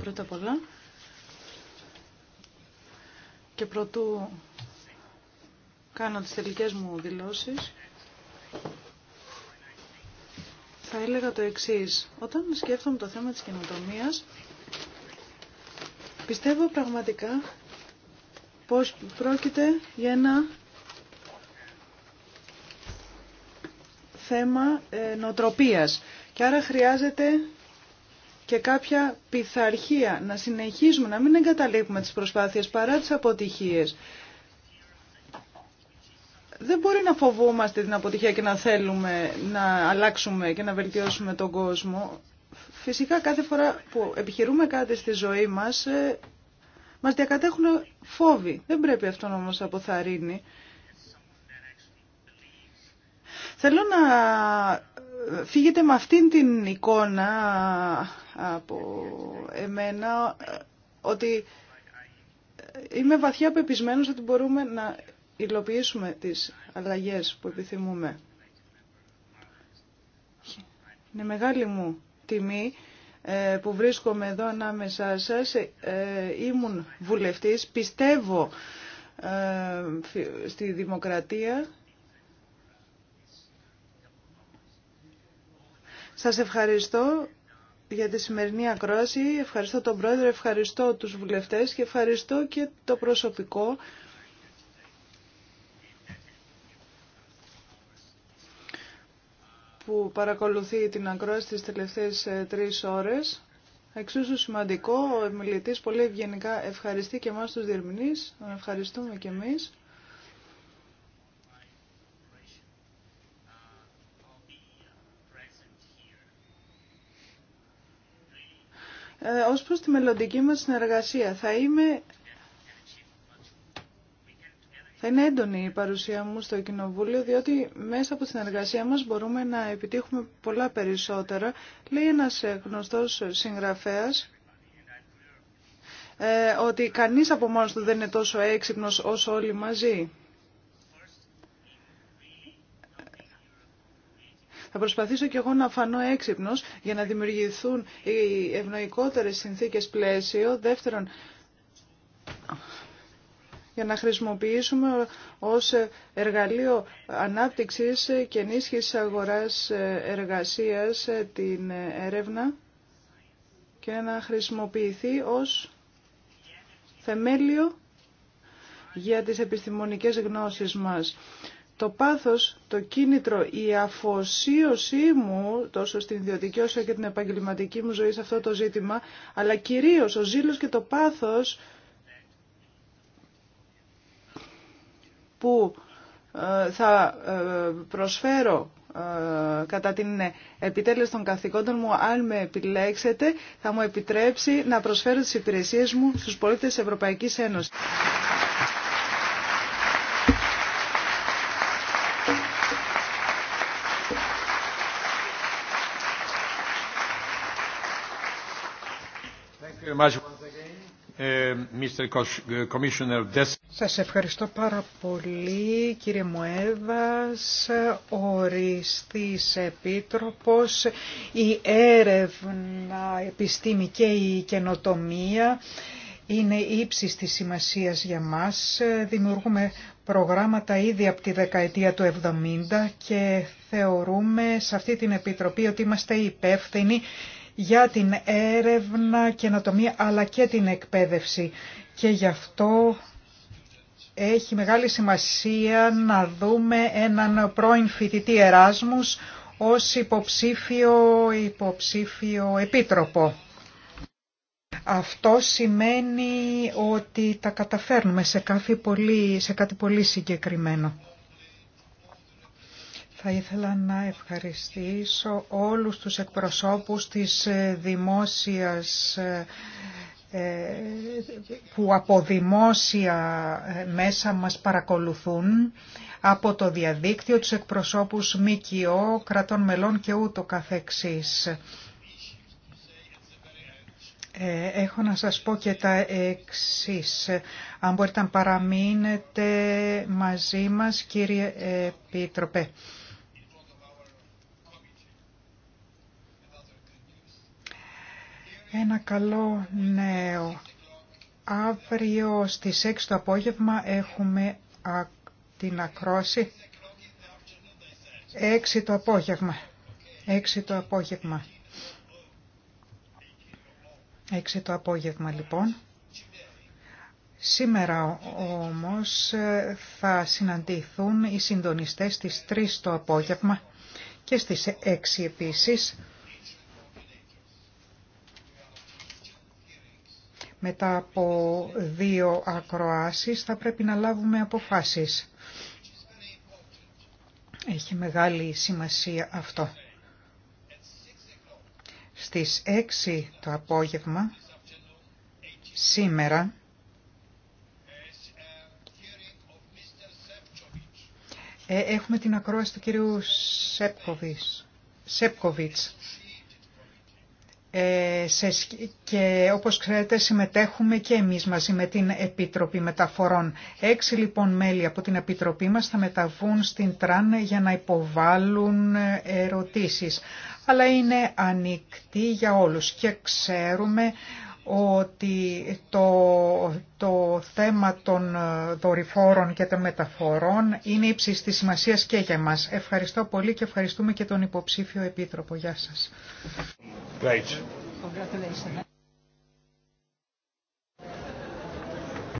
Πρώτα απ' όλα και πρωτού κάνω τις τελικές μου δηλώσεις θα έλεγα το εξής. Όταν σκέφτομαι το θέμα της καινοτομίας πιστεύω πραγματικά πως πρόκειται για ένα θέμα ε, νοτροπίας και άρα χρειάζεται και κάποια πειθαρχία, να συνεχίζουμε, να μην εγκαταλείπουμε τις προσπάθειες παρά τις αποτυχίες. Δεν μπορεί να φοβόμαστε την αποτυχία και να θέλουμε να αλλάξουμε και να βελτιώσουμε τον κόσμο. Φυσικά κάθε φορά που επιχειρούμε κάτι στη ζωή μας, ε, μας διακατέχουν φόβοι. Δεν πρέπει αυτό να μας αποθαρρύνει. Θέλω να φύγετε με αυτήν την εικόνα από εμένα ότι είμαι βαθιά πεπισμένος ότι μπορούμε να υλοποιήσουμε τις αλλαγές που επιθυμούμε. Είναι μεγάλη μου τιμή ε, που βρίσκομαι εδώ ανάμεσά σας. Ε, ήμουν βουλευτής, πιστεύω ε, στη δημοκρατία. Σας ευχαριστώ για τη σημερινή ακρόαση. Ευχαριστώ τον Πρόεδρο, ευχαριστώ τους βουλευτές και ευχαριστώ και το προσωπικό. που παρακολουθεί την ακρόαση τις τελευταίες ε, τρεις ώρες. Εξίσου σημαντικό, ο μιλητής πολύ ευγενικά ευχαριστεί και εμάς τους διερμηνείς. Ευχαριστούμε και εμείς. Ε, ως προς τη μελλοντική μας συνεργασία. Θα είμαι... Θα είναι έντονη η παρουσία μου στο Κοινοβούλιο, διότι μέσα από τη συνεργασία μας μπορούμε να επιτύχουμε πολλά περισσότερα. Λέει ένας ε, γνωστός συγγραφέας ε, ότι κανείς από μόνος του δεν είναι τόσο έξυπνος όσο όλοι μαζί. προσπαθήσω κι εγώ να φανώ έξυπνο για να δημιουργηθούν οι ευνοικότερε συνθήκες πλαίσιο. Δεύτερον, για να χρησιμοποιήσουμε ως εργαλείο ανάπτυξης και ενίσχυσης αγοράς εργασίας την έρευνα και να χρησιμοποιηθεί ως θεμέλιο για τις επιστημονικές γνώσεις μας το πάθος, το κίνητρο, η αφοσίωσή μου τόσο στην ιδιωτική όσο και την επαγγελματική μου ζωή σε αυτό το ζήτημα, αλλά κυρίως ο ζήλος και το πάθος που ε, θα ε, προσφέρω ε, κατά την επιτέλεση των καθηκόντων μου, αν με επιλέξετε, θα μου επιτρέψει να προσφέρω τις υπηρεσίες μου στους πολίτες της Ευρωπαϊκής Ένωσης. Uh, uh, Σας ευχαριστώ πάρα πολύ κύριε Μουέβας, οριστής επίτροπος, η έρευνα, επιστήμη και η καινοτομία είναι ύψης της σημασίας για μας. Δημιουργούμε προγράμματα ήδη από τη δεκαετία του 70 και θεωρούμε σε αυτή την Επιτροπή ότι είμαστε υπεύθυνοι για την έρευνα, και καινοτομία αλλά και την εκπαίδευση. Και γι' αυτό έχει μεγάλη σημασία να δούμε έναν πρώην φοιτητή Εράσμους ως υποψήφιο, υποψήφιο επίτροπο. Αυτό σημαίνει ότι τα καταφέρνουμε σε σε κάτι πολύ συγκεκριμένο. Θα ήθελα να ευχαριστήσω όλους τους εκπροσώπους της ε, δημόσιας ε, που από δημόσια ε, μέσα μας παρακολουθούν από το διαδίκτυο, τους εκπροσώπους ΜΚΟ, κρατών μελών και ούτω καθεξής. Έχω να σας πω και τα εξής. Αν μπορείτε να παραμείνετε μαζί μας, κύριε Επίτροπε. Ένα καλό νέο. Αύριο στις 6 το απόγευμα έχουμε την ακρόση. 6 το απόγευμα. 6 το απόγευμα. 6 το απόγευμα λοιπόν. Σήμερα όμως θα συναντηθούν οι συντονιστές στις 3 το απόγευμα και στις 6 επίσης Μετά από δύο ακροάσεις θα πρέπει να λάβουμε αποφάσεις. Έχει μεγάλη σημασία αυτό. Στις 6 το απόγευμα, σήμερα, ε, έχουμε την ακρόαση του κυρίου Σέπκοβιτς. Ε, και όπως ξέρετε συμμετέχουμε και εμείς μαζί με την Επίτροπη Μεταφορών. Έξι λοιπόν μέλη από την Επίτροπή μας θα μεταβούν στην ΤΡΑΝ για να υποβάλουν ερωτήσεις. Αλλά είναι ανοιχτή για όλους και ξέρουμε ότι το, το θέμα των δορυφόρων και των μεταφορών είναι ύψης της σημασίας και για μας. Ευχαριστώ πολύ και ευχαριστούμε και τον υποψήφιο επίτροπο. Γεια σας. Great.